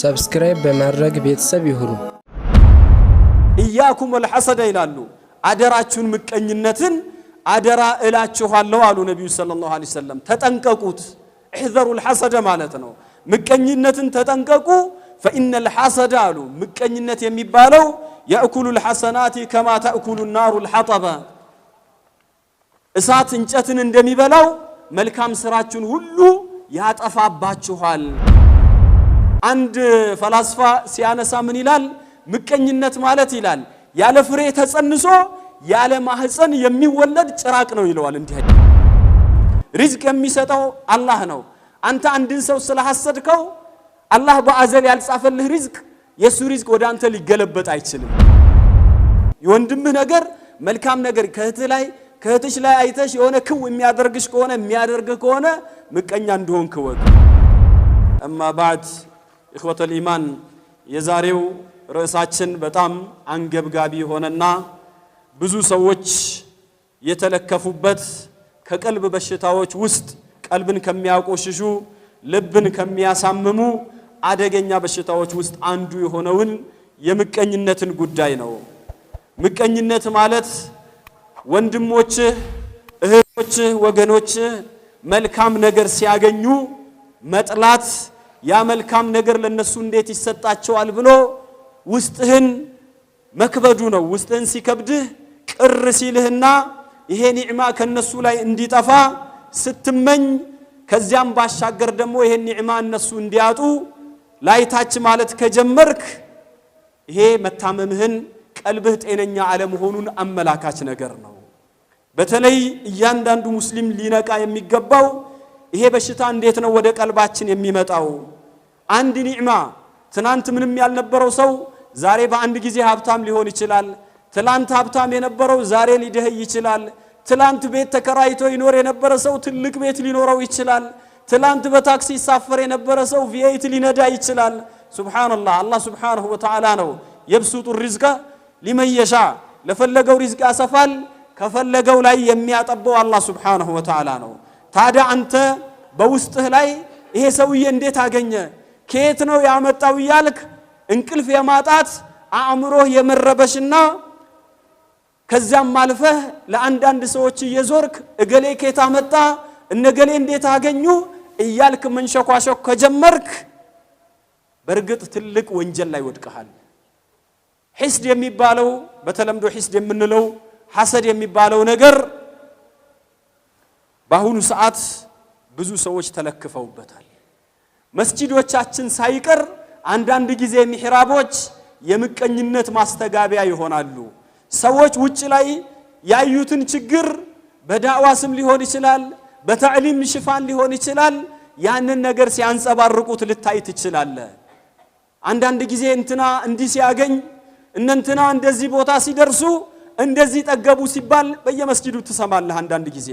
ሰብስክራይብ በማድረግ ቤተሰብ ይሁኑ። ኢያኩም ወልሐሰደ ይላሉ። አደራችሁን ምቀኝነትን አደራ እላችኋለሁ አሉ ነቢዩ ሰለላሁ ዐለይሂ ወሰለም። ተጠንቀቁት። እሕዘሩል ሐሰደ ማለት ነው። ምቀኝነትን ተጠንቀቁ። ፈኢነል ሐሰደ አሉ ምቀኝነት የሚባለው የእኩሉል ሐሰናቲ ከማ ተእኩሉ ናሩል ሐጠበ እሳት እንጨትን እንደሚበላው መልካም ስራችሁን ሁሉ ያጠፋባችኋል። አንድ ፈላስፋ ሲያነሳ ምን ይላል? ምቀኝነት ማለት ይላል ያለ ፍሬ ተጸንሶ ያለ ማህፀን የሚወለድ ጭራቅ ነው ይለዋል። እንዲህ ሪዝቅ የሚሰጠው አላህ ነው። አንተ አንድን ሰው ስለሐሰድከው አላህ በአዘል ያልጻፈልህ ሪዝቅ የእሱ ሪዝቅ ወደ አንተ ሊገለበጥ አይችልም። የወንድምህ ነገር መልካም ነገር ከእህትህ ላይ ከእህትሽ ላይ አይተሽ የሆነ ክው የሚያደርግሽ ከሆነ የሚያደርግህ ከሆነ ምቀኛ እንደሆንክ ወቅ እማ ባዕድ እኽወተል ኢማን የዛሬው ርዕሳችን በጣም አንገብጋቢ የሆነና ብዙ ሰዎች የተለከፉበት ከቀልብ በሽታዎች ውስጥ ቀልብን ከሚያቆሽሹ ልብን ከሚያሳምሙ አደገኛ በሽታዎች ውስጥ አንዱ የሆነውን የምቀኝነትን ጉዳይ ነው። ምቀኝነት ማለት ወንድሞችህ፣ እህቶችህ፣ ወገኖችህ መልካም ነገር ሲያገኙ መጥላት ያ መልካም ነገር ለነሱ እንዴት ይሰጣቸዋል ብሎ ውስጥህን መክበዱ ነው። ውስጥህን ሲከብድህ ቅር ሲልህና ይሄ ኒዕማ ከነሱ ላይ እንዲጠፋ ስትመኝ ከዚያም ባሻገር ደግሞ ይሄን ኒዕማ እነሱ እንዲያጡ ላይታች ማለት ከጀመርክ ይሄ መታመምህን ቀልብህ ጤነኛ አለመሆኑን አመላካች ነገር ነው። በተለይ እያንዳንዱ ሙስሊም ሊነቃ የሚገባው ይሄ በሽታ እንዴት ነው ወደ ቀልባችን የሚመጣው? አንድ ኒዕማ። ትናንት ምንም ያልነበረው ሰው ዛሬ በአንድ ጊዜ ሀብታም ሊሆን ይችላል። ትላንት ሀብታም የነበረው ዛሬ ሊደህይ ይችላል። ትላንት ቤት ተከራይቶ ይኖር የነበረ ሰው ትልቅ ቤት ሊኖረው ይችላል። ትላንት በታክሲ ይሳፈር የነበረ ሰው ቪኤይት ሊነዳ ይችላል። ሱብሓነላህ አላህ ሱብሓነሁ ወተዓላ ነው የብሱጡ ሪዝቀ ሊመየሻ ለፈለገው ሪዝቅ ያሰፋል፣ ከፈለገው ላይ የሚያጠበው አላህ ሱብሓነሁ ወተዓላ ነው። ታዲያ አንተ በውስጥህ ላይ ይሄ ሰውዬ እንዴት አገኘ ከየት ነው ያመጣው እያልክ እንቅልፍ የማጣት አእምሮህ የመረበሽና ከዚያም አልፈህ ለአንዳንድ ሰዎች እየዞርክ እገሌ ከየት አመጣ እነገሌ እንዴት አገኙ እያልክ መንሸኳሸክ ከጀመርክ በእርግጥ ትልቅ ወንጀል ላይ ወድቀሃል። ሒስድ የሚባለው በተለምዶ ሒስድ የምንለው ሐሰድ የሚባለው ነገር በአሁኑ ሰዓት ብዙ ሰዎች ተለክፈውበታል። መስጂዶቻችን ሳይቀር አንዳንድ ጊዜ ሚሕራቦች የምቀኝነት ማስተጋቢያ ይሆናሉ። ሰዎች ውጭ ላይ ያዩትን ችግር በዳዕዋ ስም ሊሆን ይችላል፣ በተዕሊም ሽፋን ሊሆን ይችላል። ያንን ነገር ሲያንጸባርቁት ልታይ ትችላለ። አንዳንድ ጊዜ እንትና እንዲህ ሲያገኝ እነንትና እንደዚህ ቦታ ሲደርሱ እንደዚህ ጠገቡ ሲባል በየመስጂዱ ትሰማለህ። አንዳንድ ጊዜ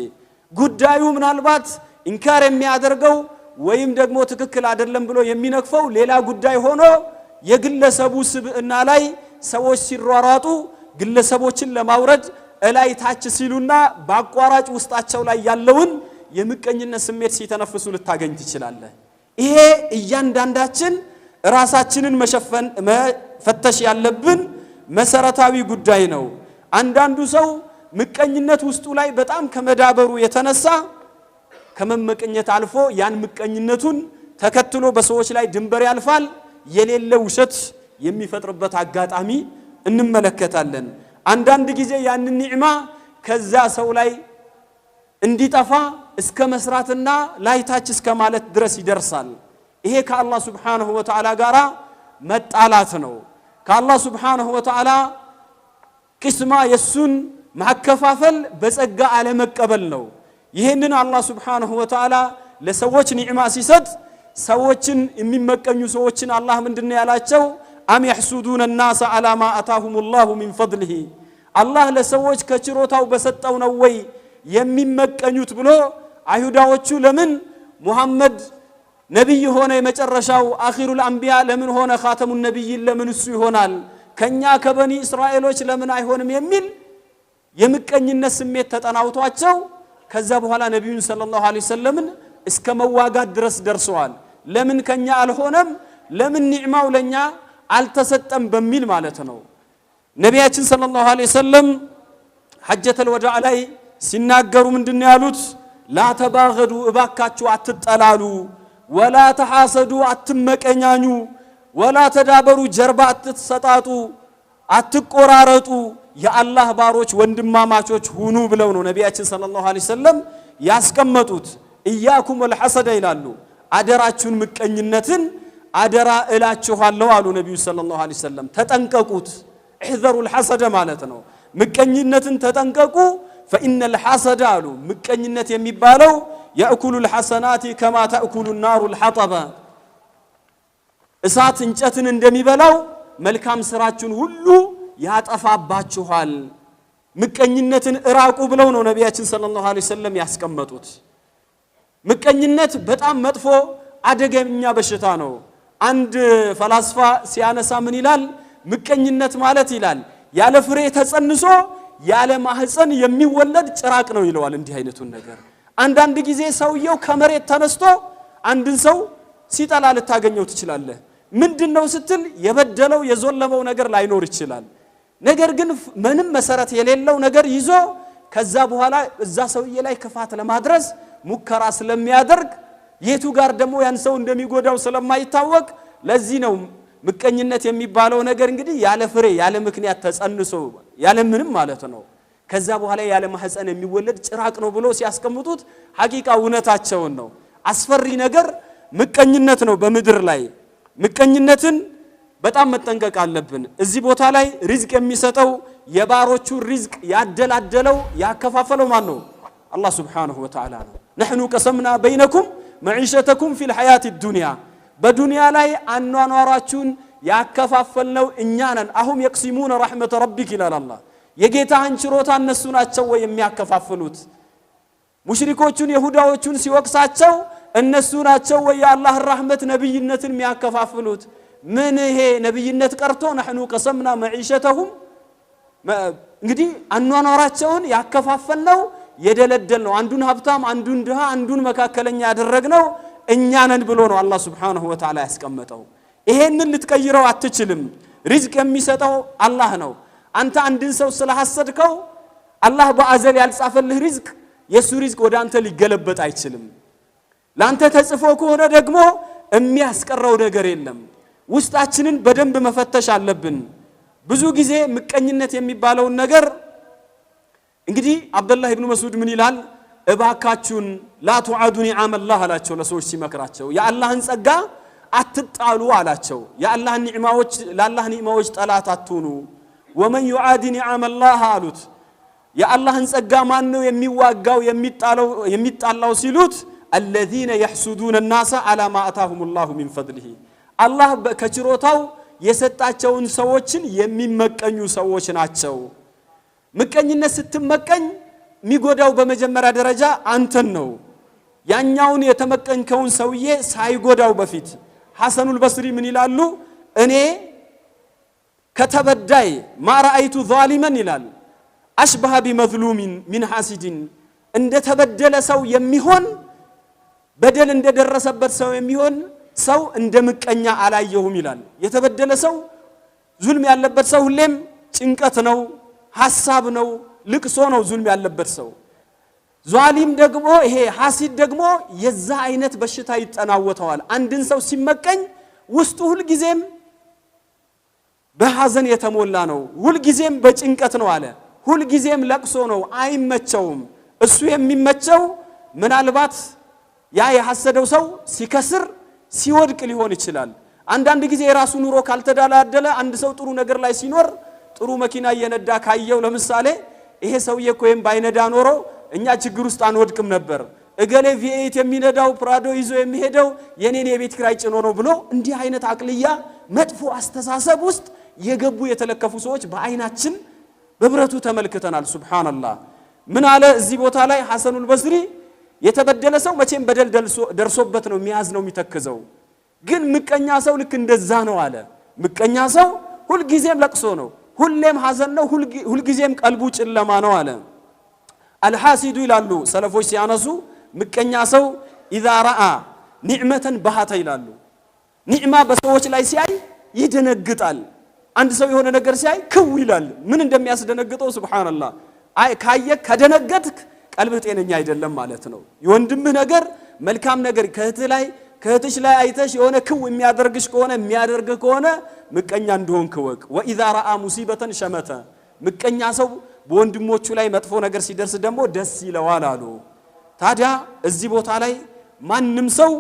ጉዳዩ ምናልባት ኢንካር የሚያደርገው ወይም ደግሞ ትክክል አይደለም ብሎ የሚነክፈው ሌላ ጉዳይ ሆኖ የግለሰቡ ስብዕና ላይ ሰዎች ሲሯሯጡ ግለሰቦችን ለማውረድ እላይ ታች ሲሉና በአቋራጭ ውስጣቸው ላይ ያለውን የምቀኝነት ስሜት ሲተነፍሱ ልታገኝ ትችላለህ። ይሄ እያንዳንዳችን ራሳችንን መሸፈን መፈተሽ ያለብን መሰረታዊ ጉዳይ ነው። አንዳንዱ ሰው ምቀኝነት ውስጡ ላይ በጣም ከመዳበሩ የተነሳ ከመመቀኘት አልፎ ያን ምቀኝነቱን ተከትሎ በሰዎች ላይ ድንበር ያልፋል፣ የሌለ ውሸት የሚፈጥርበት አጋጣሚ እንመለከታለን። አንዳንድ ጊዜ ያንን ኒዕማ ከዛ ሰው ላይ እንዲጠፋ እስከ መስራትና ላይታች እስከ ማለት ድረስ ይደርሳል። ይሄ ከአላህ ሱብሓነሁ ወተዓላ ጋር መጣላት ነው። ከአላህ ሱብሓነሁ ወተዓላ ቅስማ የሱን ማከፋፈል በጸጋ አለመቀበል ነው። ይህንን አላህ ሱብሓነሁ ወተዓላ ለሰዎች ኒዕማ ሲሰጥ ሰዎችን የሚመቀኙ ሰዎችን አላህ ምንድን ያላቸው? አም የሕሱዱነ ናሰ አላ ማ አታሁም ላሁ ሚን ፈድሊሂ አላህ ለሰዎች ከችሮታው በሰጠው ነው ወይ የሚመቀኙት ብሎ አይሁዳዎቹ ለምን ሙሐመድ ነቢይ ሆነ የመጨረሻው አኺሩል አንቢያ ለምን ሆነ ኻተሙ ነቢይን ለምን እሱ ይሆናል ከእኛ ከበኒ እስራኤሎች ለምን አይሆንም የሚል የምቀኝነት ስሜት ተጠናውቷቸው ከዛ በኋላ ነቢዩን ሰለላሁ ዐለይሂ ወሰለምን እስከ መዋጋት ድረስ ደርሰዋል። ለምን ከኛ አልሆነም፣ ለምን ኒዕማው ለኛ አልተሰጠም በሚል ማለት ነው። ነቢያችን ሰለላሁ ዐለይሂ ወሰለም ሐጀተል ወዳዕ ላይ ሲናገሩ ምንድነው ያሉት? ላተባገዱ እባካችሁ አትጠላሉ፣ ወላ ተሐሰዱ አትመቀኛኙ፣ ወላ ተዳበሩ ጀርባ አትሰጣጡ፣ አትቆራረጡ የአላህ ባሮች ወንድማማቾች ሁኑ ብለው ነው ነቢያችን ሰለላሁ ዐለይሂ ወሰለም ያስቀመጡት። እያኩም ወልሐሰደ ይላሉ። አደራችሁን ምቀኝነትን አደራ እላችኋለሁ አሉ ነቢዩ ሰለላሁ ዐለይሂ ወሰለም። ተጠንቀቁት። እሕዘሩል ሐሰደ ማለት ነው። ምቀኝነትን ተጠንቀቁ። ፈኢነል ሐሰደ አሉ ምቀኝነት የሚባለው የእኩሉል ሐሰናቲ ከማ ተእኩሉ ናሩል ሐጠበ እሳት እንጨትን እንደሚበላው መልካም ስራችን ሁሉ ያጠፋባችኋል። ምቀኝነትን እራቁ ብለው ነው ነቢያችን ሰለላሁ ዐለይሂ ወሰለም ያስቀመጡት። ምቀኝነት በጣም መጥፎ አደገኛ በሽታ ነው። አንድ ፈላስፋ ሲያነሳ ምን ይላል? ምቀኝነት ማለት ይላል ያለ ፍሬ ተጸንሶ ያለ ማህፀን የሚወለድ ጭራቅ ነው ይለዋል። እንዲህ አይነቱን ነገር አንዳንድ ጊዜ ሰውየው ከመሬት ተነስቶ አንድን ሰው ሲጠላ ልታገኘው ትችላለህ። ምንድን ነው ስትል የበደለው የዞለመው ነገር ላይኖር ይችላል። ነገር ግን ምንም መሰረት የሌለው ነገር ይዞ ከዛ በኋላ እዛ ሰውዬ ላይ ክፋት ለማድረስ ሙከራ ስለሚያደርግ የቱ ጋር ደግሞ ያን ሰው እንደሚጎዳው ስለማይታወቅ ለዚህ ነው ምቀኝነት የሚባለው ነገር እንግዲህ ያለ ፍሬ ያለ ምክንያት ተጸንሶ ያለ ምንም ማለት ነው ከዛ በኋላ ያለ ማህፀን የሚወለድ ጭራቅ ነው ብሎ ሲያስቀምጡት ሐቂቃ እውነታቸውን ነው። አስፈሪ ነገር ምቀኝነት ነው። በምድር ላይ ምቀኝነትን በጣም መጠንቀቅ አለብን። እዚህ ቦታ ላይ ሪዝቅ የሚሰጠው የባሮቹ ሪዝቅ ያደላደለው ያከፋፈለው ማን ነው? አላህ ሱብሓነሁ ወተዓላ ነው። ነሕኑ ቀሰምና በይነኩም መዒሸተኩም ፊል ሐያት ዱንያ፣ በዱንያ ላይ አኗኗራችሁን ያከፋፈልነው እኛ ነን። አሁም የቅሲሙነ ረሕመተ ረቢክ ይላል አላህ። የጌታህን ችሮታ እነሱ ናቸው ወይ የሚያከፋፍሉት? ሙሽሪኮቹን የሁዳዎቹን ሲወቅሳቸው እነሱ ናቸው ወይ የአላህን ራህመት ነቢይነትን የሚያከፋፍሉት? ምን ይሄ ነብይነት ቀርቶ ነሕኑ ቀሰምና መዒሸተሁም እንግዲህ አኗኗራቸውን ያከፋፈልነው የደለደልነው አንዱን ሀብታም አንዱን ድሃ አንዱን መካከለኛ ያደረግነው እኛ ነን ብሎ ነው አላህ ሱብሓነሁ ወተዓላ ያስቀመጠው። ይሄንን ልትቀይረው አትችልም። ሪዝቅ የሚሰጠው አላህ ነው። አንተ አንድን ሰው ስለሐሰድከው አላህ በአዘል ያልጻፈልህ ሪዝቅ የእሱ ሪዝቅ ወደ አንተ ሊገለበጥ አይችልም። ለአንተ ተጽፎ ከሆነ ደግሞ የሚያስቀረው ነገር የለም። ውስጣችንን በደንብ መፈተሽ አለብን። ብዙ ጊዜ ምቀኝነት የሚባለውን ነገር እንግዲህ አብደላህ ኢብኑ መስዑድ ምን ይላል? እባካችሁን ላቱዓዱ ኒዓመላህ አላቸው። ለሰዎች ሲመክራቸው የአላህን ጸጋ አትጣሉ አላቸው። የአላህ ኒዕማዎች ለአላህ ኒዕማዎች ጠላት አትሁኑ። ወመን ዩዓዲ ኒዓመላህ አሉት። የአላህን ጸጋ ማን ነው የሚዋጋው የሚጣላው ሲሉት፣ አለዚነ የሕሱዱነ ናሰ አላ ማ አታሁም ላሁ ሚን ፈድሊሂ አላህ ከችሮታው የሰጣቸውን ሰዎችን የሚመቀኙ ሰዎች ናቸው። ምቀኝነት ስትመቀኝ የሚጎዳው በመጀመሪያ ደረጃ አንተን ነው። ያኛውን የተመቀኝከውን ሰውዬ ሳይጎዳው በፊት ሐሰኑል በስሪ ምን ይላሉ? እኔ ከተበዳይ ማራአይቱ ዛሊመን ይላል አሽባሃ ቢመዝሉሚን ሚን ሐሲድን እንደ ተበደለ ሰው የሚሆን በደል እንደደረሰበት ሰው የሚሆን ሰው እንደ ምቀኛ አላየሁም ይላል። የተበደለ ሰው ዙልም ያለበት ሰው ሁሌም ጭንቀት ነው፣ ሀሳብ ነው፣ ልቅሶ ነው ዙልም ያለበት ሰው። ዟሊም ደግሞ ይሄ ሐሲድ ደግሞ የዛ አይነት በሽታ ይጠናወተዋል። አንድን ሰው ሲመቀኝ ውስጡ ሁልጊዜም በሐዘን የተሞላ ነው፣ ሁልጊዜም በጭንቀት ነው አለ። ሁልጊዜም ለቅሶ ነው፣ አይመቸውም። እሱ የሚመቸው ምናልባት ያ የሐሰደው ሰው ሲከስር ሲወድቅ ሊሆን ይችላል። አንዳንድ ጊዜ የራሱ ኑሮ ካልተደላደለ አንድ ሰው ጥሩ ነገር ላይ ሲኖር ጥሩ መኪና እየነዳ ካየው ለምሳሌ ይሄ ሰውዬ እኮ ይሄም ባይነዳ ኖሮ እኛ ችግር ውስጥ አንወድቅም ነበር፣ እገሌ ቪኤት የሚነዳው ፕራዶ ይዞ የሚሄደው የኔን የቤት ኪራይ ጭኖ ነው ብሎ እንዲህ አይነት አቅልያ፣ መጥፎ አስተሳሰብ ውስጥ የገቡ የተለከፉ ሰዎች በአይናችን በብረቱ ተመልክተናል። ሱብሃነላህ ምን አለ እዚህ ቦታ ላይ ሐሰኑል በስሪ የተበደለ ሰው መቼም በደል ደርሶበት ነው የሚያዝ ነው የሚተክዘው። ግን ምቀኛ ሰው ልክ እንደዛ ነው አለ። ምቀኛ ሰው ሁልጊዜም ለቅሶ ነው፣ ሁሌም ሐዘን ነው፣ ሁልጊዜም ቀልቡ ጨለማ ነው አለ። አልሐሲዱ ይላሉ ሰለፎች ሲያነሱ ምቀኛ ሰው ኢዛ ረአ ኒዕመተን ባሃተ ይላሉ። ኒዕማ በሰዎች ላይ ሲያይ ይደነግጣል። አንድ ሰው የሆነ ነገር ሲያይ ክው ይላል። ምን እንደሚያስደነግጠው ሱብሓነላህ። አይ ካየ ከደነገጥክ ቀልብህ ጤነኛ አይደለም ማለት ነው። የወንድምህ ነገር መልካም ነገር ከእህትህ ላይ ከእህትሽ ላይ አይተሽ የሆነ ክው የሚያደርግሽ ከሆነ የሚያደርግህ ከሆነ ምቀኛ እንደሆንክ እወቅ። ወኢዛ ረአ ሙሲበተን ሸመተ። ምቀኛ ሰው በወንድሞቹ ላይ መጥፎ ነገር ሲደርስ ደግሞ ደስ ይለዋል አሉ። ታዲያ እዚህ ቦታ ላይ ማንም ሰው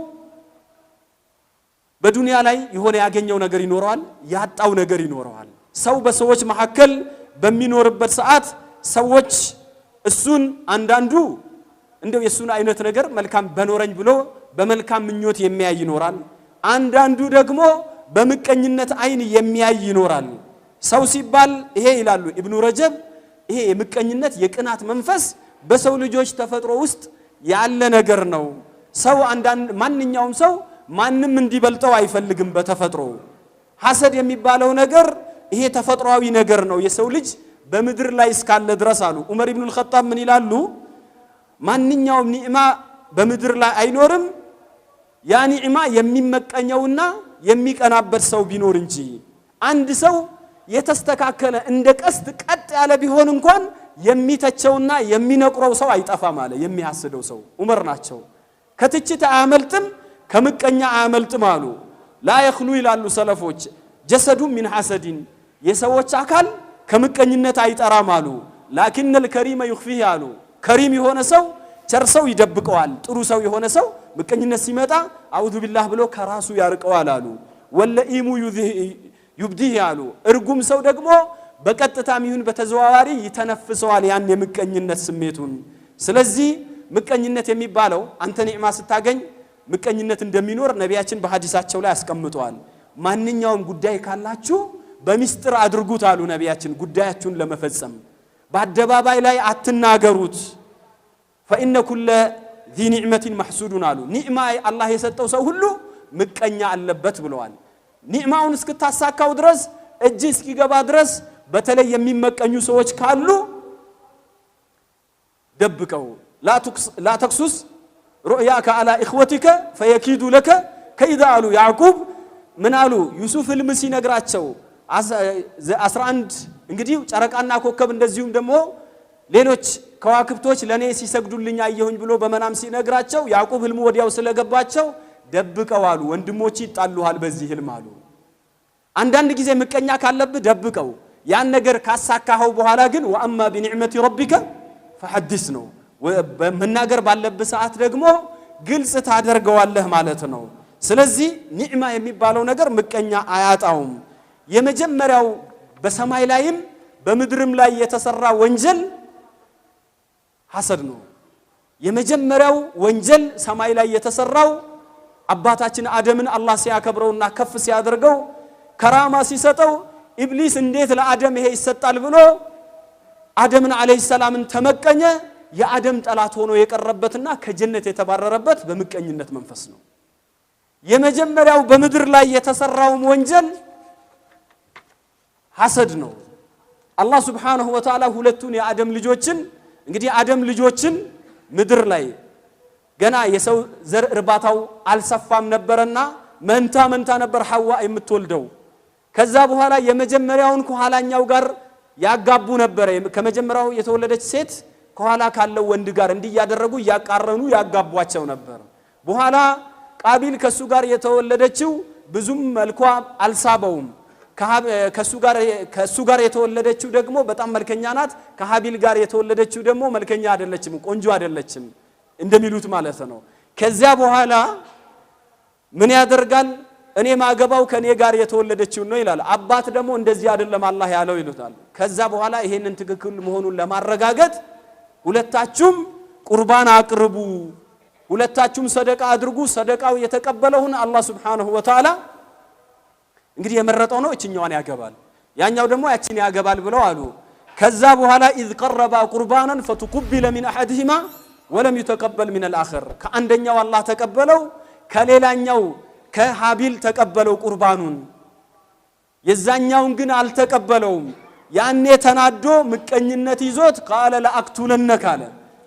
በዱንያ ላይ የሆነ ያገኘው ነገር ይኖረዋል፣ ያጣው ነገር ይኖረዋል። ሰው በሰዎች መካከል በሚኖርበት ሰዓት ሰዎች እሱን አንዳንዱ እንደው የእሱን አይነት ነገር መልካም በኖረኝ ብሎ በመልካም ምኞት የሚያይ ይኖራል። አንዳንዱ ደግሞ በምቀኝነት አይን የሚያይ ይኖራል። ሰው ሲባል ይሄ ይላሉ ኢብኑ ረጀብ፣ ይሄ የምቀኝነት የቅናት መንፈስ በሰው ልጆች ተፈጥሮ ውስጥ ያለ ነገር ነው። ሰው አንዳንድ ማንኛውም ሰው ማንም እንዲበልጠው አይፈልግም በተፈጥሮ ሐሰድ የሚባለው ነገር ይሄ ተፈጥሯዊ ነገር ነው የሰው ልጅ በምድር ላይ እስካለ ድረስ አሉ ዑመር ኢብኑል ኸጣብ ምን ይላሉ? ማንኛውም ኒዕማ በምድር ላይ አይኖርም ያ ኒዕማ የሚመቀኘውና የሚቀናበት ሰው ቢኖር እንጂ አንድ ሰው የተስተካከለ እንደ ቀስት ቀጥ ያለ ቢሆን እንኳን የሚተቸውና የሚነቁረው ሰው አይጠፋም አለ። የሚያስደው ሰው ዑመር ናቸው። ከትችት አያመልጥም፣ ከምቀኛ አያመልጥም አሉ። ላ የኽሉ ይላሉ ሰለፎች ጀሰዱ ሚን ሐሰዲን የሰዎች አካል ከምቀኝነት አይጠራም አሉ። ላኪነል ከሪመ ዩኽፊህ አሉ። ከሪም የሆነ ሰው ቸር ሰው ይደብቀዋል። ጥሩ ሰው የሆነ ሰው ምቀኝነት ሲመጣ አዑዙ ቢላህ ብሎ ከራሱ ያርቀዋል አሉ። ወለኢሙ ዩብዲህ አሉ። እርጉም ሰው ደግሞ በቀጥታም ይሁን በተዘዋዋሪ ይተነፍሰዋል ያን የምቀኝነት ስሜቱን። ስለዚህ ምቀኝነት የሚባለው አንተ ኒዕማ ስታገኝ ምቀኝነት እንደሚኖር ነቢያችን በሀዲሳቸው ላይ አስቀምጠዋል። ማንኛውም ጉዳይ ካላችሁ በሚስጥር አድርጉት አሉ ነቢያችን ጉዳያችሁን ለመፈጸም። በአደባባይ ላይ አትናገሩት። ፈኢነ ኩለ ዚ ኒዕመትን ማሕሱዱን አሉ። ኒዕማ አላህ የሰጠው ሰው ሁሉ ምቀኛ አለበት ብለዋል። ኒዕማውን እስክታሳካው ድረስ እጅ እስኪገባ ድረስ በተለይ የሚመቀኙ ሰዎች ካሉ ደብቀው ላ ተክሱስ ሩእያከ አላ እኽወቲከ ፈየኪዱ ለከ ከይዳ አሉ ያዕቁብ ምን አሉ ዩሱፍ ህልም ሲነግራቸው 11 እንግዲህ ጨረቃና ኮከብ እንደዚሁም ደግሞ ሌሎች ከዋክብቶች ለእኔ ሲሰግዱልኝ አየሁኝ ብሎ በመናም ሲነግራቸው ያዕቆብ ህልሙ ወዲያው ስለገባቸው ደብቀው አሉ። ወንድሞች ይጣሉሃል በዚህ ህልም አሉ። አንዳንድ ጊዜ ምቀኛ ካለብህ ደብቀው፣ ያን ነገር ካሳካኸው በኋላ ግን ወአማ ቢኒዕመቲ ረቢከ ፈሐዲስ ነው። መናገር ባለብህ ሰዓት ደግሞ ግልጽ ታደርገዋለህ ማለት ነው። ስለዚህ ኒዕማ የሚባለው ነገር ምቀኛ አያጣውም። የመጀመሪያው በሰማይ ላይም በምድርም ላይ የተሰራ ወንጀል ሐሰድ ነው። የመጀመሪያው ወንጀል ሰማይ ላይ የተሰራው አባታችን አደምን አላህ ሲያከብረውና ከፍ ሲያደርገው ከራማ ሲሰጠው ኢብሊስ እንዴት ለአደም ይሄ ይሰጣል ብሎ አደምን አለይሂ ሰላምን ተመቀኘ። የአደም ጠላት ሆኖ የቀረበትና ከጀነት የተባረረበት በምቀኝነት መንፈስ ነው። የመጀመሪያው በምድር ላይ የተሰራውም ወንጀል ሐሰድ ነው። አላህ ሱብሓነሁ ወተዓላ ሁለቱን የአደም ልጆችን እንግዲህ የአደም ልጆችን ምድር ላይ ገና የሰው ዘር እርባታው አልሰፋም ነበረና መንታ መንታ ነበር ሐዋ የምትወልደው። ከዛ በኋላ የመጀመሪያውን ከኋላኛው ጋር ያጋቡ ነበረ። ከመጀመሪያው የተወለደች ሴት ከኋላ ካለው ወንድ ጋር እንዲህ እያደረጉ እያቃረኑ ያጋቧቸው ነበር። በኋላ ቃቢል ከሱ ጋር የተወለደችው ብዙም መልኳ አልሳበውም። ከእሱ ጋር የተወለደችው ደግሞ በጣም መልከኛ ናት። ከሀቢል ጋር የተወለደችው ደግሞ መልከኛ አይደለችም፣ ቆንጆ አይደለችም እንደሚሉት ማለት ነው። ከዚያ በኋላ ምን ያደርጋል? እኔ ማገባው ከኔ ጋር የተወለደችው ነው ይላል። አባት ደግሞ እንደዚህ አይደለም አላህ ያለው ይሉታል። ከዛ በኋላ ይሄንን ትክክል መሆኑን ለማረጋገጥ ሁለታችሁም ቁርባን አቅርቡ፣ ሁለታችሁም ሰደቃ አድርጉ። ሰደቃው የተቀበለውን አላህ ሱብሓነሁ ወተዓላ እንግዲህ የመረጠው ነው እችኛዋን ያገባል፣ ያኛው ደግሞ ያችን ያገባል ብለው አሉ። ከዛ በኋላ ኢዝ ቀረባ ቁርባናን ፈቱቁቢለ ሚን አሐድሂማ ወለም ዩተቀበል ሚን አልአኸር። ከአንደኛው አላህ ተቀበለው፣ ከሌላኛው ከሀቢል ተቀበለው ቁርባኑን፣ የዛኛውን ግን አልተቀበለውም። ያኔ ተናዶ ምቀኝነት ይዞት ቃለ ለአክቱለነክ አለ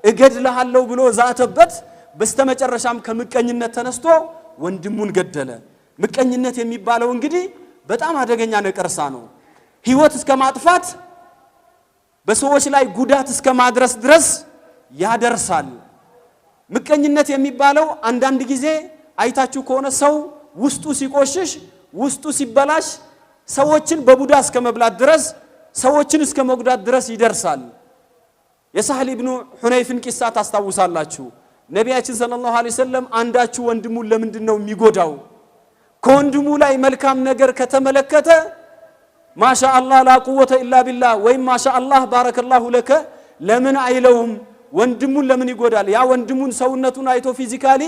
እገድልሃለሁ ብሎ ዛተበት። በስተመጨረሻም ከምቀኝነት ተነስቶ ወንድሙን ገደለ። ምቀኝነት የሚባለው እንግዲህ በጣም አደገኛ ነቀርሳ ነው። ህይወት እስከ ማጥፋት በሰዎች ላይ ጉዳት እስከ ማድረስ ድረስ ያደርሳል። ምቀኝነት የሚባለው አንዳንድ ጊዜ አይታችሁ ከሆነ ሰው ውስጡ ሲቆሽሽ፣ ውስጡ ሲበላሽ ሰዎችን በቡዳ እስከ መብላት ድረስ ሰዎችን እስከ መጉዳት ድረስ ይደርሳል። የሳህል ኢብኑ ሁነይፍን ቂሳ ታስታውሳላችሁ። ነቢያችን ሰለላሁ ዐለይሂ ወሰለም አንዳችሁ ወንድሙን ለምንድን ነው የሚጎዳው ከወንድሙ ላይ መልካም ነገር ከተመለከተ ማሻ ላቁወተ ላ ኢላ ቢላህ ወይም ማሻ ባረከላሁ ለከ ለምን አይለውም? ወንድሙን ለምን ይጎዳል? ያ ወንድሙን ሰውነቱን አይቶ ፊዚካሊ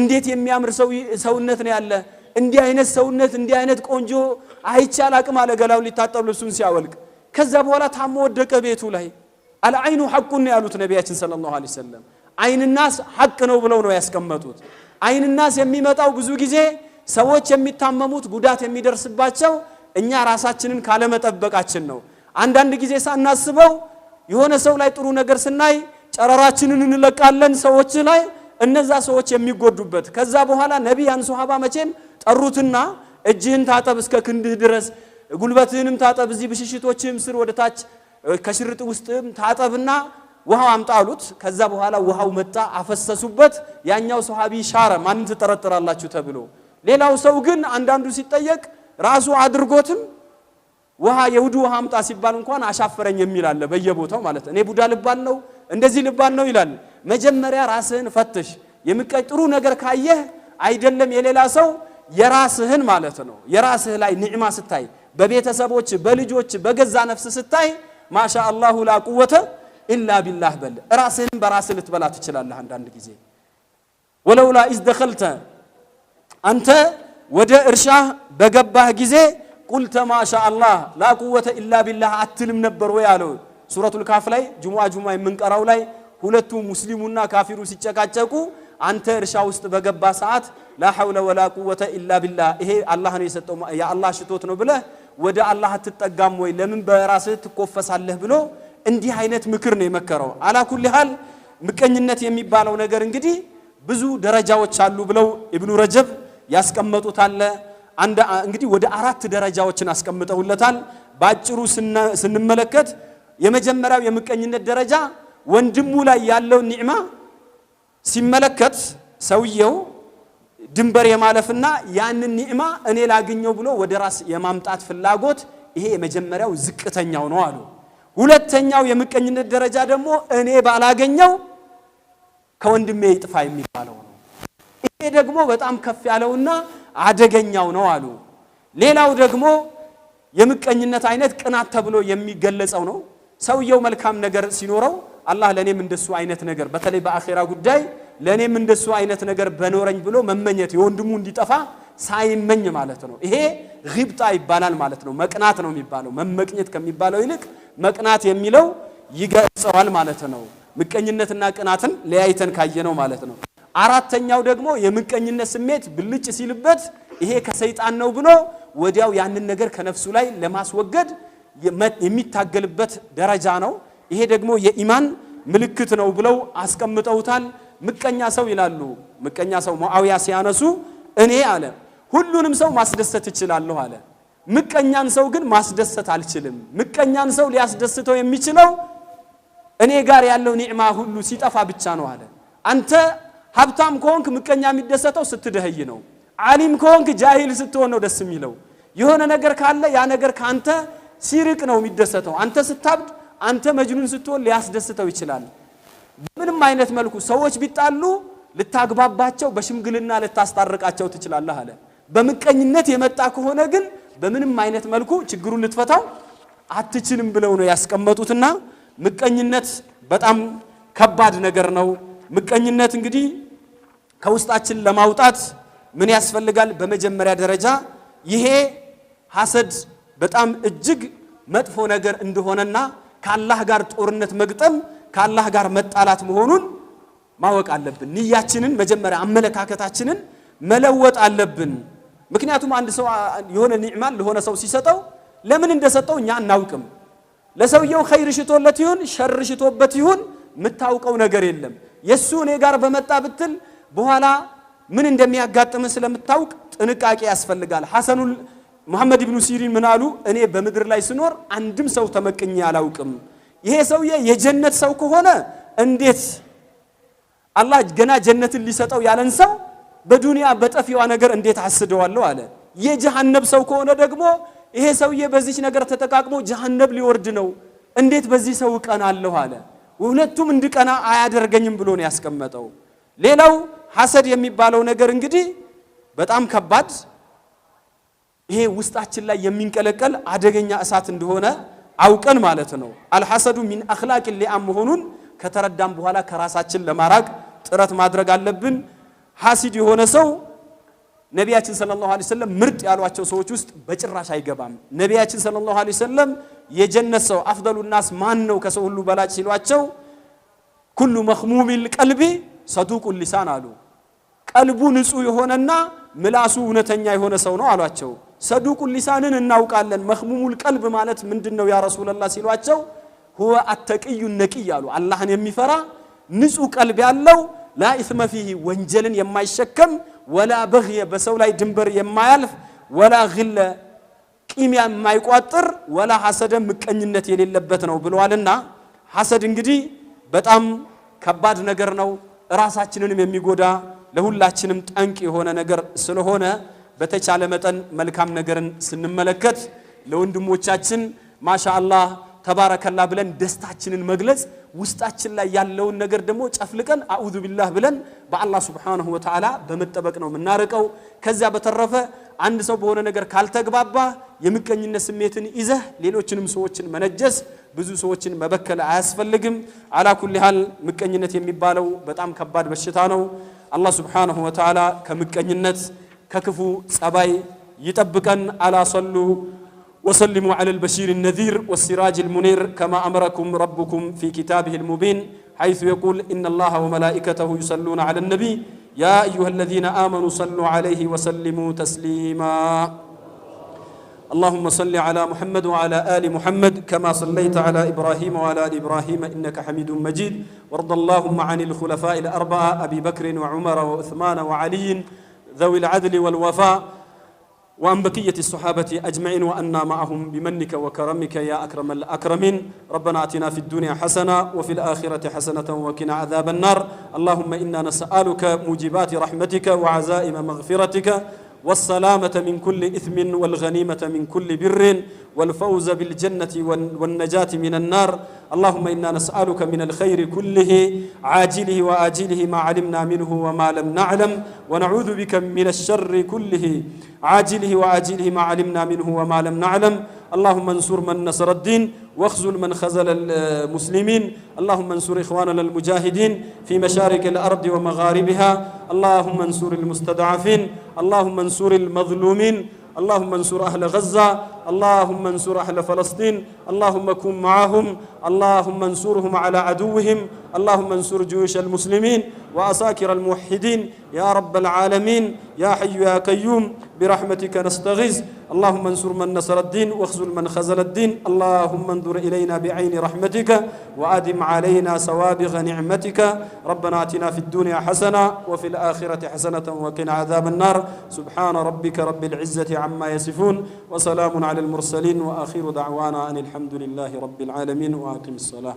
እንዴት የሚያምር ሰውነት ነው ያለ እንዲህ አይነት ሰውነት እንዲህ አይነት ቆንጆ አይቻል አቅም አለ ገላው ሊታጠብ ልብሱን ሲያወልቅ ከዛ በኋላ ታሞ ወደቀ ቤቱ ላይ አልአይኑ ሐቁን ያሉት ነቢያችን ሰለላሁ ዐለይሂ ወሰለም አይንናስ ሐቅ ነው ብለው ነው ያስቀመጡት። አይንናስ የሚመጣው ብዙ ጊዜ ሰዎች የሚታመሙት ጉዳት የሚደርስባቸው እኛ ራሳችንን ካለመጠበቃችን ነው። አንዳንድ ጊዜ ሳናስበው የሆነ ሰው ላይ ጥሩ ነገር ስናይ ጨረራችንን እንለቃለን ሰዎች ላይ እነዛ ሰዎች የሚጎዱበት። ከዛ በኋላ ነቢ ሶሃባ መቼም ጠሩትና እጅህን ታጠብ እስከ ክንድህ ድረስ ጉልበትህንም ታጠብ እዚህ ብሽሽቶችህም ስር ወደ ታች ከሽርጥ ውስጥም ታጠብና ውሃው አምጣ አሉት። ከዛ በኋላ ውሃው መጣ፣ አፈሰሱበት። ያኛው ሰሃቢ ሻረ፣ ማንን ትጠረጥራላችሁ ተብሎ ሌላው ሰው ግን አንዳንዱ ሲጠየቅ ራሱ አድርጎትም ውሃ የውዱ ውሃ አምጣ ሲባል እንኳን አሻፈረኝ የሚል አለ፣ በየቦታው ማለት እኔ ቡዳ ልባል ነው እንደዚህ ልባል ነው ይላል። መጀመሪያ ራስህን ፈትሽ። የሚቀይ ጥሩ ነገር ካየህ አይደለም የሌላ ሰው የራስህን ማለት ነው። የራስህ ላይ ኒዕማ ስታይ፣ በቤተሰቦች በልጆች በገዛ ነፍስ ስታይ ማሻ አላሁ ላ ቁወተ ኢላ ቢላህ በል። ራስህን በራስህ ልትበላ ትችላለህ አንዳንድ ጊዜ ወለውላ ኢዝ ደኸልተ አንተ ወደ እርሻህ በገባህ ጊዜ ቁልተ ማሻ አላህ ላ ቁወተ ኢላ ቢላህ አትልም ነበር ወይ አለው። ሱረቱል ካፍ ላይ ጅሙዓ ጅሙዓ የምንቀራው ላይ ሁለቱ ሙስሊሙና ካፊሩ ሲጨቃጨቁ አንተ እርሻ ውስጥ በገባ ሰዓት ላ ሐውለ ወላ ቁወተ ኢላ ቢላህ ይሄ አላህ ነው የሰጠው የአላህ ሽቶት ነው ብለህ ወደ አላህ አትጠጋም ወይ ለምን በራስህ ትኮፈሳለህ ብሎ እንዲህ አይነት ምክር ነው የመከረው። አላ ኩሊ ምቀኝነት የሚባለው ነገር እንግዲህ ብዙ ደረጃዎች አሉ ብለው ኢብኑ ረጀብ ያስቀመጡት አለ። አንድ እንግዲህ ወደ አራት ደረጃዎችን አስቀምጠውለታል። በአጭሩ ስንመለከት የመጀመሪያው የምቀኝነት ደረጃ ወንድሙ ላይ ያለው ኒዕማ ሲመለከት ሰውየው ድንበር የማለፍና ያንን ኒዕማ እኔ ላግኘው ብሎ ወደ ራስ የማምጣት ፍላጎት ይሄ የመጀመሪያው ዝቅተኛው ነው አሉ። ሁለተኛው የምቀኝነት ደረጃ ደግሞ እኔ ባላገኘው ከወንድሜ ይጥፋ የሚባለው ይሄ ደግሞ በጣም ከፍ ያለውና አደገኛው ነው አሉ። ሌላው ደግሞ የምቀኝነት አይነት ቅናት ተብሎ የሚገለጸው ነው። ሰውየው መልካም ነገር ሲኖረው አላህ ለእኔም እንደሱ አይነት ነገር በተለይ በአኼራ ጉዳይ ለእኔም እንደሱ አይነት ነገር በኖረኝ ብሎ መመኘት የወንድሙ እንዲጠፋ ሳይመኝ ማለት ነው። ይሄ ግብጣ ይባላል ማለት ነው። መቅናት ነው የሚባለው። መመቅኘት ከሚባለው ይልቅ መቅናት የሚለው ይገልጸዋል ማለት ነው። ምቀኝነትና ቅናትን ለያይተን ካየነው ማለት ነው። አራተኛው ደግሞ የምቀኝነት ስሜት ብልጭ ሲልበት ይሄ ከሰይጣን ነው ብሎ ወዲያው ያንን ነገር ከነፍሱ ላይ ለማስወገድ የሚታገልበት ደረጃ ነው። ይሄ ደግሞ የኢማን ምልክት ነው ብለው አስቀምጠውታል። ምቀኛ ሰው ይላሉ። ምቀኛ ሰው ሙአዊያ ሲያነሱ እኔ አለ ሁሉንም ሰው ማስደሰት እችላለሁ አለ። ምቀኛን ሰው ግን ማስደሰት አልችልም። ምቀኛን ሰው ሊያስደስተው የሚችለው እኔ ጋር ያለው ኒዕማ ሁሉ ሲጠፋ ብቻ ነው አለ አንተ ሀብታም ከሆንክ ምቀኛ የሚደሰተው ስትደህይ ነው። ዓሊም ከሆንክ ጃሂል ስትሆን ነው ደስ የሚለው። የሆነ ነገር ካለ ያ ነገር ከአንተ ሲርቅ ነው የሚደሰተው። አንተ ስታብድ፣ አንተ መጅኑን ስትሆን ሊያስደስተው ይችላል። በምንም አይነት መልኩ ሰዎች ቢጣሉ ልታግባባቸው፣ በሽምግልና ልታስታርቃቸው ትችላለህ አለ። በምቀኝነት የመጣ ከሆነ ግን በምንም አይነት መልኩ ችግሩን ልትፈታው አትችልም ብለው ነው ያስቀመጡትና ምቀኝነት በጣም ከባድ ነገር ነው። ምቀኝነት እንግዲህ ከውስጣችን ለማውጣት ምን ያስፈልጋል? በመጀመሪያ ደረጃ ይሄ ሐሰድ በጣም እጅግ መጥፎ ነገር እንደሆነና ከአላህ ጋር ጦርነት መግጠም ከአላህ ጋር መጣላት መሆኑን ማወቅ አለብን። ንያችንን መጀመሪያ አመለካከታችንን መለወጥ አለብን። ምክንያቱም አንድ ሰው የሆነ ኒዕማን ለሆነ ሰው ሲሰጠው ለምን እንደሰጠው እኛ አናውቅም። ለሰውየው ኸይር ሽቶለት ይሁን ሸር ሽቶበት ይሁን የምታውቀው ነገር የለም። የእሱ እኔ ጋር በመጣ ብትል በኋላ ምን እንደሚያጋጥም ስለምታውቅ ጥንቃቄ ያስፈልጋል። ሐሰኑል መሐመድ ኢብኑ ሲሪን ምን አሉ? እኔ በምድር ላይ ስኖር አንድም ሰው ተመቅኜ አላውቅም። ይሄ ሰውዬ የጀነት ሰው ከሆነ እንዴት አላህ ገና ጀነትን ሊሰጠው ያለን ሰው በዱንያ በጠፊዋ ነገር እንዴት አስደዋለሁ አለ። የጀሃነብ ሰው ከሆነ ደግሞ ይሄ ሰውዬ በዚች ነገር ተጠቃቅሞ ጀሃነብ ሊወርድ ነው፣ እንዴት በዚህ ሰው እቀናለሁ አለ። ሁለቱም እንድቀና አያደርገኝም ብሎ ነው ያስቀመጠው። ሌላው ሐሰድ የሚባለው ነገር እንግዲህ በጣም ከባድ ይሄ ውስጣችን ላይ የሚንቀለቀል አደገኛ እሳት እንደሆነ አውቀን ማለት ነው። አልሐሰዱ ሚን አኽላቅ ሊአም መሆኑን ከተረዳም በኋላ ከራሳችን ለማራቅ ጥረት ማድረግ አለብን። ሐሲድ የሆነ ሰው ነቢያችን ሰለላሁ ዐለይሂ ወሰለም ምርጥ ያሏቸው ሰዎች ውስጥ በጭራሽ አይገባም። ነቢያችን ሰለላሁ ዐለይሂ ወሰለም የጀነት ሰው አፍደሉ ናስ ማን ነው ከሰው ሁሉ በላጭ ሲሏቸው ኩሉ መኽሙሚል ቀልቢ ሰዱቁ ሊሳን አሉ። ቀልቡ ንጹህ የሆነና ምላሱ እውነተኛ የሆነ ሰው ነው አሏቸው። ሰዱቁል ሊሳንን እናውቃለን፣ መኽሙሙል ቀልብ ማለት ምንድን ነው ያ ረሱለላህ ሲሏቸው ሁወ አተቅዩ ነቂይ አሉ። አላህን የሚፈራ ንጹህ ቀልብ ያለው ላኢስመ ፊሂ ወንጀልን የማይሸከም ወላ በግየ በሰው ላይ ድንበር የማያልፍ ወላ ግለ ቂም የማይቋጥር ወላ ሐሰደ ምቀኝነት የሌለበት ነው ብለዋልና ሐሰድ እንግዲህ በጣም ከባድ ነገር ነው። ራሳችንንም የሚጎዳ ለሁላችንም ጠንቅ የሆነ ነገር ስለሆነ በተቻለ መጠን መልካም ነገርን ስንመለከት ለወንድሞቻችን ማሻ አላህ ተባረከላ ብለን ደስታችንን መግለጽ፣ ውስጣችን ላይ ያለውን ነገር ደግሞ ጨፍልቀን አዑዙ ቢላህ ብለን በአላህ ሱብሓነሁ ወተዓላ በመጠበቅ ነው የምናርቀው። ከዚያ በተረፈ አንድ ሰው በሆነ ነገር ካልተግባባ የምቀኝነት ስሜትን ይዘህ ሌሎችንም ሰዎችን መነጀስ፣ ብዙ ሰዎችን መበከል አያስፈልግም። አላ ኩሊ ሃል ምቀኝነት የሚባለው በጣም ከባድ በሽታ ነው። አላህ ሱብሓነሁ ወተዓላ ከምቀኝነት ከክፉ ጸባይ ይጠብቀን። አላ ሰሉ وسلموا على البشير النذير والسراج المنير كما أمركم ربكم في كتابه المبين حيث يقول إن الله وملائكته يصلون على النبي يا أيها الذين آمنوا صلوا عليه وسلموا تسليما اللهم صل على محمد وعلى آل محمد كما صليت على إبراهيم وعلى آل إبراهيم إنك حميد مجيد وارض اللهم عن الخلفاء الأربعة أبي بكر وعمر وعثمان وعلي ذوي العدل والوفاء وعن بقية الصحابة أجمعين وأنا معهم بمنك وكرمك يا أكرم الأكرمين ربنا أتنا في الدنيا حسنة وفي الآخرة حسنة وقنا عذاب النار اللهم إنا نسألك موجبات رحمتك وعزائم مغفرتك والسلامة من كل إثم والغنيمة من كل بر والفوز بالجنة والنجاة من النار اللهم إنا نسألك من الخير كله عاجله وآجله ما علمنا منه وما لم نعلم ونعوذ بك من الشر كله عاجله وآجله ما علمنا منه وما لم نعلم اللهم انصر من نصر الدين واخزل من خزل المسلمين اللهم انصر إخواننا المجاهدين في مشارق الأرض ومغاربها اللهم انصر المستضعفين اللهم انصر المظلومين اللهم انصر أهل غزة اللهم انصر أهل فلسطين اللهم كن معهم اللهم انصرهم على عدوهم اللهم انصر جيوش المسلمين وأساكر الموحدين يا رب العالمين يا حي يا قيوم برحمتك نستغيث اللهم انصر من نصر الدين واخذل من خذل الدين اللهم انظر إلينا بعين رحمتك وأدم علينا سوابغ نعمتك ربنا آتنا في الدنيا حسنة وفي الآخرة حسنة وقنا عذاب النار سبحان ربك رب العزة عما يصفون وسلام على المرسلين وآخر دعوانا أن الحمد لله رب العالمين وأقم الصلاة